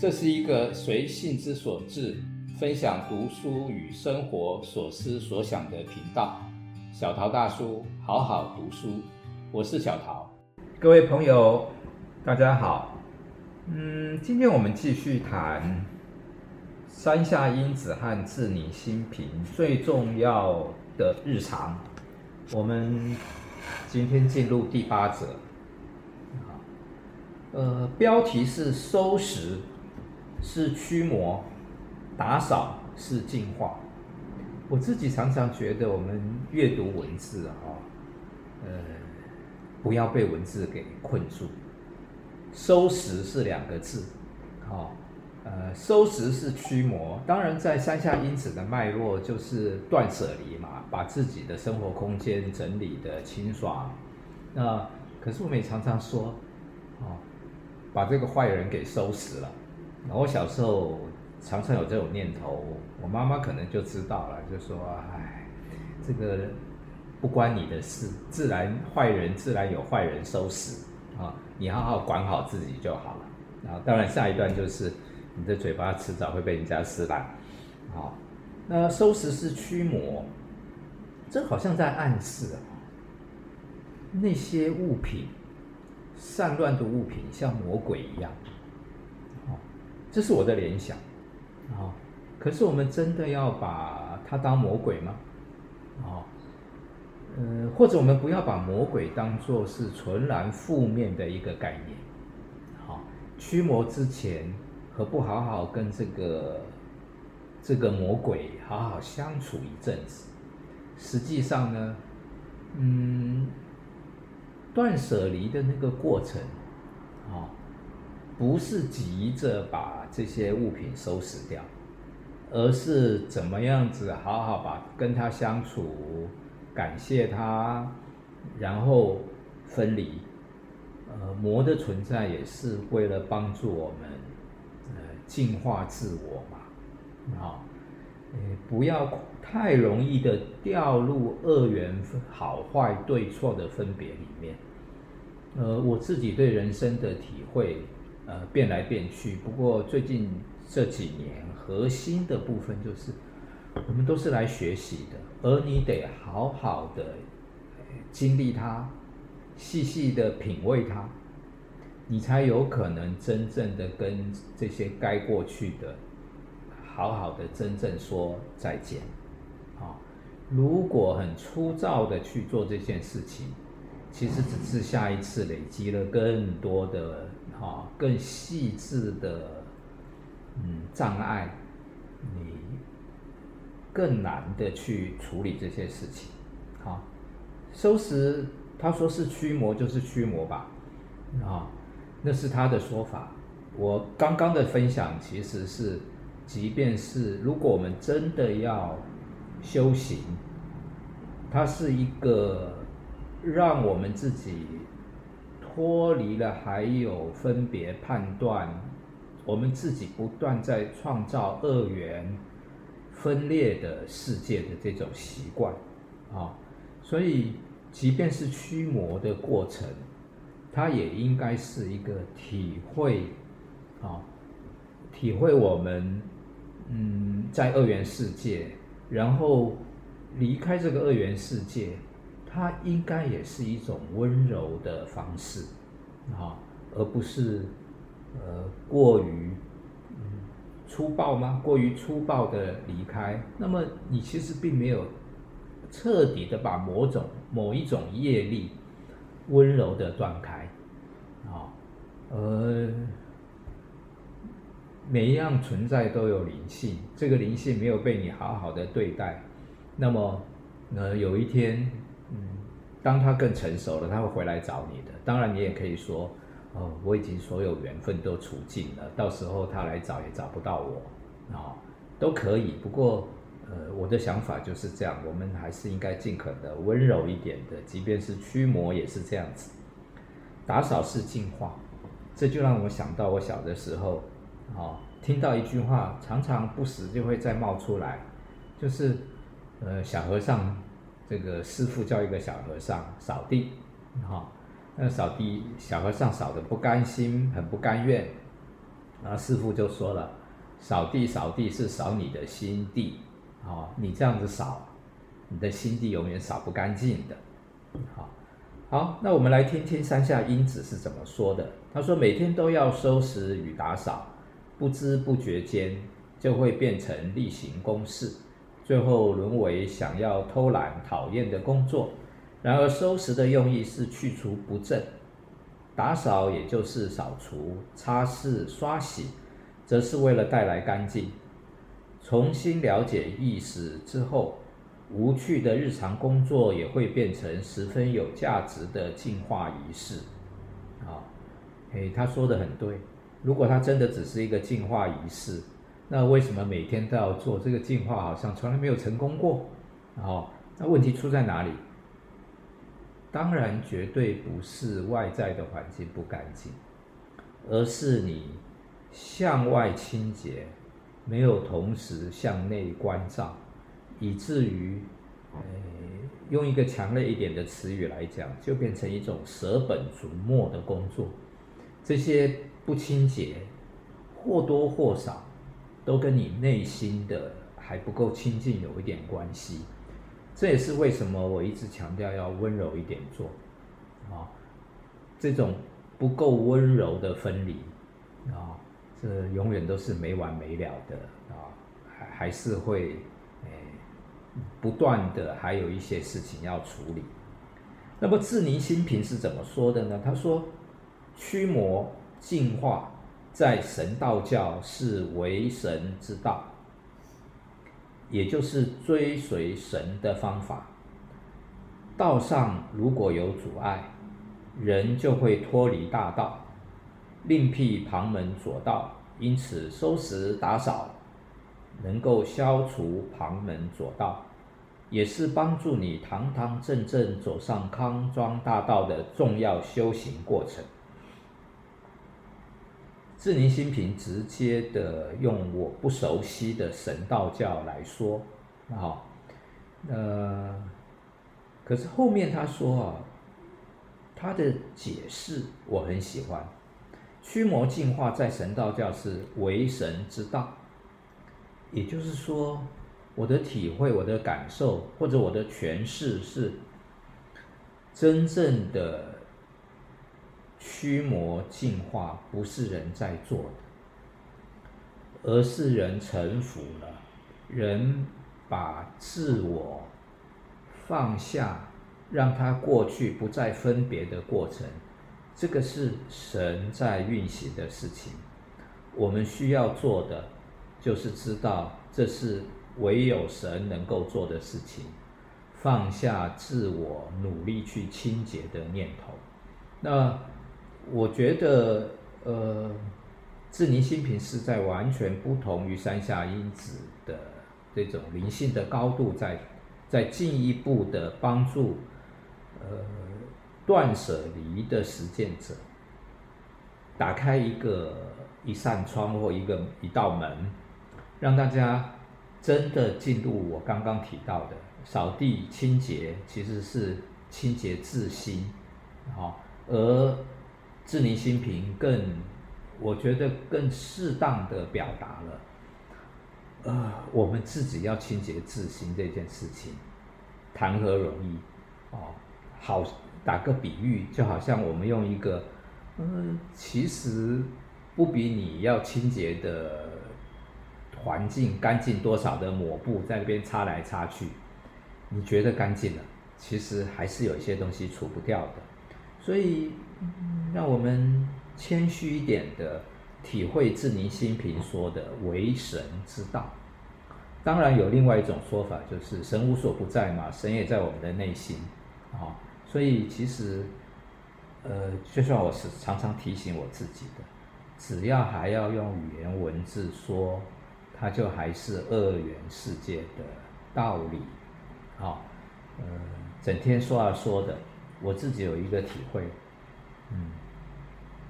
這是一個隨性之所至，分享讀書與生活所思所想的頻道。小陶大叔，好好讀書，我是小陶。各位朋友，大家好。嗯，今天我們繼續談山下英子和智里心平最重要的日常。我們今天進入第八則。好，呃，標題是收拾。是驅魔，打掃是淨化。我自己常常覺得，我們閱讀文字啊、哦，呃，不要被文字給困住。收拾是兩個字，好、哦，呃，收拾是驅魔。當然，在山下英子的脈絡就是斷舍離嘛，把自己的生活空間整理得清爽。那可是我們也常常說，啊、哦，把這個壞人給收拾了。我小時候常常有這種念頭，我媽媽可能就知道了，就說：“哎，這個不關你的事，自然壞人自然有壞人收拾啊、哦，你好好管好自己就好了。”那當然，下一段就是你的嘴巴遲早會被人家撕爛。好、哦，那收拾是驅魔，這好像在暗示、哦、那些物品散亂的物品像魔鬼一樣。這是我的聯想，啊、哦，可是我們真的要把他當魔鬼嗎？啊、哦，嗯、呃，或者我們不要把魔鬼當做是純然負面的一個概念，好、哦，驅魔之前，何不好好跟這個這個魔鬼好好相處一陣子？實際上呢，嗯，斷捨離的那個過程，啊、哦。不是急着把這些物品收拾掉，而是怎麼樣子好好把跟他相處，感謝他，然後分離。呃，魔的存在也是為了幫助我們，呃，淨化自我嘛，啊、哦，呃，不要太容易的掉入二元好壞對錯的分別裡面。呃，我自己對人生的體會。呃，變來變去。不過最近這幾年，核心的部分就是，我們都是來學習的，而你得好好的經歷它，細細的品味它，你才有可能真正的跟這些該過去的，好好的真正說再見。啊、哦，如果很粗糙的去做這件事情，其實只是下一次累積了更多的。啊，更細緻的，嗯，障礙，你更難的去處理這些事情。好，收拾他說是驅魔就是驅魔吧，啊、嗯哦，那是他的說法。我剛剛的分享其實是，即便是如果我們真的要修行，它是一個讓我們自己。脫離了還有分別判斷，我們自己不斷在創造二元分裂的世界的這種習慣啊，所以即便是驅魔的過程，它也應該是一個體會，啊，體會我們嗯在二元世界，然後離開這個二元世界。它應該也是一種溫柔的方式，啊、哦，而不是呃過於、嗯、粗暴嗎？過於粗暴的離開，那麼你其實並沒有徹底的把某種某一種業力溫柔的斷開，啊、哦，呃，每一樣存在都有靈性，這個靈性沒有被你好好的對待，那麼呃有一天。嗯，當他更成熟了，他會回來找你的。當然，你也可以說，哦，我已經所有緣分都除盡了，到時候他來找也找不到我，啊、哦，都可以。不過，呃，我的想法就是這樣，我們還是應該盡可能溫柔一點的，即便是驅魔也是這樣子，打掃是淨化。這就讓我想到我小的時候，啊、哦，聽到一句話，常常不時就會再冒出來，就是，呃，小和尚。這個師父叫一個小和尚掃地，哈、哦，那掃地小和尚掃得不甘心，很不甘願，然後師父就說了，掃地掃地，是掃你的心地，啊、哦，你這樣子掃，你的心地永遠掃不乾淨的，好、哦，好，那我們來聽聽山下英子是怎麼說的。他說，每天都要收拾與打掃，不知不覺間就會變成例行公事。最後淪為想要偷懶討厭的工作。然而，收拾的用意是去除不正，打掃也就是掃除、擦拭、刷洗，則是為了帶來乾淨。重新了解意識之後，無趣的日常工作也會變成十分有價值的淨化儀式。啊、哦，哎，他說得很對。如果它真的只是一個淨化儀式。那為什麼每天都要做這個淨化，好像從來沒有成功過？然後、哦，那問題出在哪裡？當然，絕對不是外在的環境不乾淨，而是你向外清潔沒有同時向內關照，以至於、呃，用一個強烈一點的詞語來講，就變成一種捨本逐末的工作。這些不清潔，或多或少。都跟你內心的還不夠親近有一點關係，這也是為什麼我一直強調要溫柔一點做啊。這種不夠溫柔的分離啊，這永遠都是沒完沒了的啊，還還是會、哎、不斷的，還有一些事情要處理。那麼智尼心平是怎麼說的呢？他說：驅魔淨化。在神道教是為神之道，也就是追隨神的方法。道上如果有阻礙，人就會脫離大道，另闢旁門左道。因此，收拾打掃能夠消除旁門左道，也是幫助你堂堂正正走上康莊大道的重要修行過程。智寧心平直接的用我不熟悉的神道教來說，好、哦，呃，可是後面他說啊，他的解釋我很喜歡，驅魔淨化在神道教是為神之道，也就是說，我的體會、我的感受或者我的詮釋是真正的。驅魔淨化不是人在做的，而是人臣服了，人把自我放下，讓它過去，不再分別的過程，這個是神在運行的事情。我們需要做的就是知道這是唯有神能夠做的事情，放下自我，努力去清潔的念頭，那。我覺得，呃，智尼心平是在完全不同於山下英子的這種靈性的高度在，在在進一步的幫助，呃，斷捨離的實踐者打開一個一扇窗或一個一道門，讓大家真的進入我剛剛提到的掃地清潔，其實是清潔自心，好、哦，而。自淨心平更，我覺得更適當的表達了，呃，我們自己要清潔自心這件事情，談何容易？哦，好，打個比喻，就好像我們用一個，嗯，其實不比你要清潔的環境乾淨多少的抹布在那邊擦來擦去，你覺得乾淨了，其實還是有一些東西除不掉的。所以、嗯，讓我們謙虛一點的體會智明心平說的為神之道。當然有另外一種說法，就是神無所不在嘛，神也在我們的內心啊、哦。所以其實，呃，就算我是常常提醒我自己的，只要還要用語言文字說，它就還是二元世界的道理。啊、哦，呃、嗯，整天說啊說的。我自己有一個體會，嗯，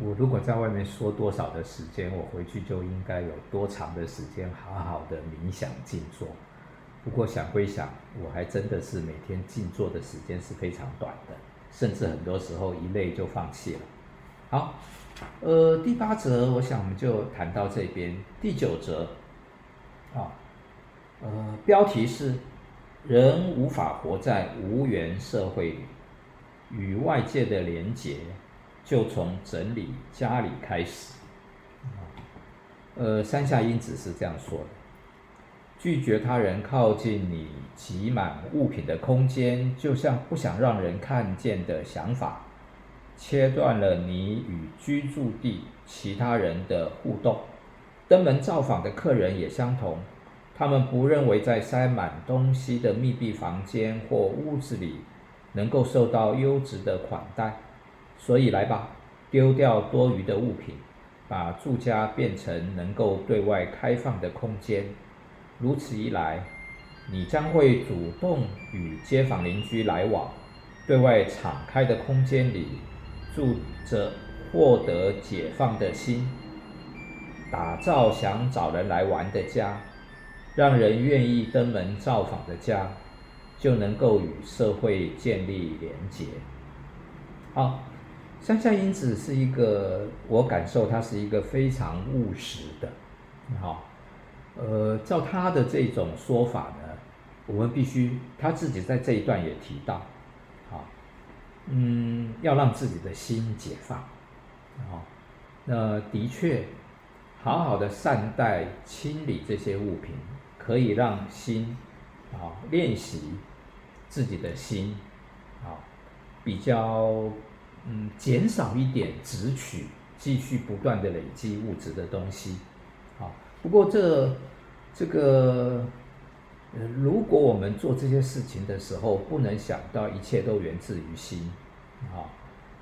我如果在外面說多少的時間，我回去就應該有多長的時間好好的冥想靜坐。不過想歸想，我還真的是每天靜坐的時間是非常短的，甚至很多時候一累就放棄了。好，呃，第八則，我想我們就談到這邊。第九則，啊，呃，標題是“人無法活在無緣社會裡”。與外界的連結，就從整理家裡開始。呃，山下英子是這樣說的：拒絕他人靠近你擠滿物品的空間，就像不想讓人看見的想法，切斷了你與居住地其他人的互動。登門造訪的客人也相同，他們不認為在塞滿東西的密閉房間或屋子裡。能夠受到優質的款待，所以來吧，丟掉多餘的物品，把住家變成能夠對外開放的空間。如此一來，你將會主動與街坊鄰居來往。對外敞開的空間裡，住着獲得解放的心，打造想找人來玩的家，讓人願意登門造訪的家，就能夠與社會建立連結。好，山下英子是一個，我感受他是一個非常務實的。好，呃，照他的這種說法呢，我們必須他自己在這一段也提到，好，嗯，要讓自己的心解放。好，那的確，好好的善待清理這些物品，可以讓心，啊，練習。自己的心，啊，比較嗯減少一點執取，繼續不斷的累積物質的東西，啊，不過這這個，呃，如果我們做這些事情的時候，不能想到一切都源自於心，啊，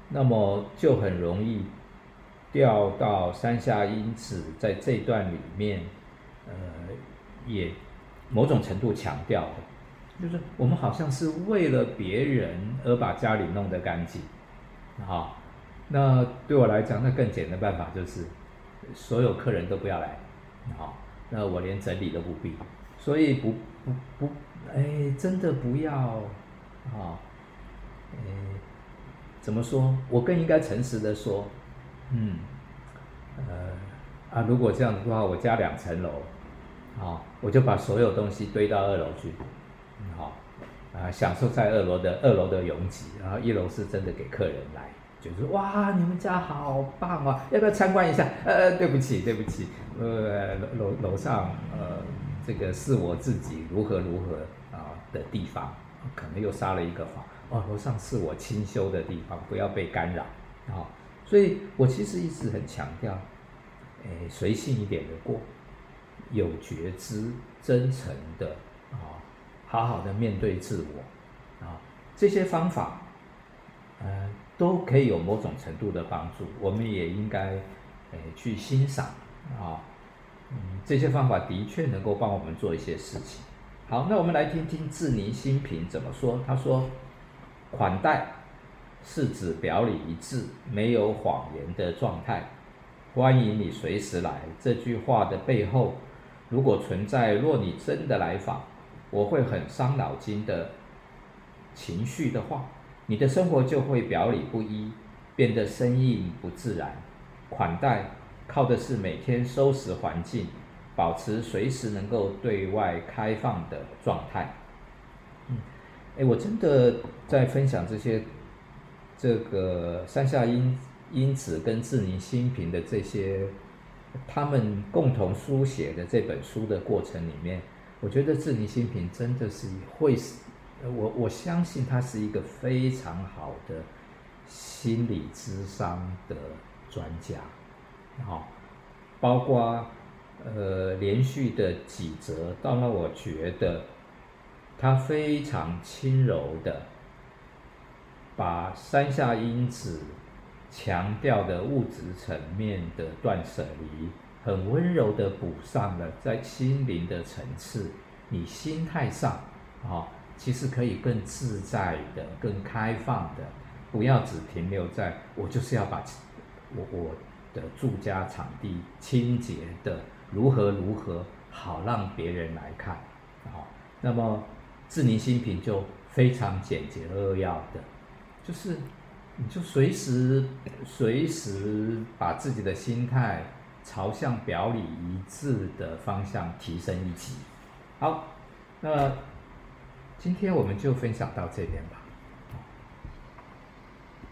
那麼就很容易掉到三下。因此，在這段裡面，呃，也某種程度強調就是我們好像是為了別人而把家裡弄得乾淨，啊、哦，那對我來講，那更簡單的辦法就是，所有客人都不要來，啊、哦，那我連整理都不必。所以不不不，哎，真的不要，啊、哦，嗯，怎麼說，我更應該誠實的說，嗯，呃，啊，如果這樣的話，我家兩層樓，啊、哦，我就把所有東西堆到二樓去。好、哦、啊、呃，享受在二樓的二樓的擁擠，然後一樓是真的給客人來，就是哇，你們家好棒啊！要不要參觀一下？呃，對不起，對不起，呃，樓樓,樓上呃，這個是我自己如何如何啊、哦、的地方，可能又撒了一個謊哦。樓上是我清修的地方，不要被干擾啊、哦。所以我其實一直很強調，誒，隨性一點的過，有覺知、真誠的啊。哦好好的面對自我，啊、哦，這些方法，嗯、呃，都可以有某種程度的幫助。我們也應該，哎、呃，去欣賞，啊、哦，嗯，這些方法的確能夠幫我們做一些事情。好，那我們來聽聽智尼新平怎麼說。他說：“款待是指表裡一致、沒有謊言的狀態。歡迎你隨時來。”這句話的背後，如果存在，若你真的來訪。我會很傷腦筋的情緒的話，你的生活就會表裡不一，變得生硬不自然。款待靠的是每天收拾環境，保持隨時能夠對外開放的狀態。嗯，哎，我真的在分享這些，這個山下英英子跟志明新平的這些，他們共同書寫的這本書的過程裡面。我覺得智尼新品真的是會，我我相信他是一個非常好的心理諮商的專家，好、哦，包括呃連續的幾則，到然我覺得他非常輕柔的把山下英子強調的物質層面的斷捨離。很溫柔的補上了，在心靈的層次，你心態上啊、哦，其實可以更自在的、更開放的，不要只停留在我就是要把我我的住家場地清潔的如何如何好讓別人來看啊、哦。那麼自寧心平就非常簡潔扼要的，就是你就隨時隨時把自己的心態。朝向表裡一致的方向提升一級。好，那今天我們就分享到這邊吧。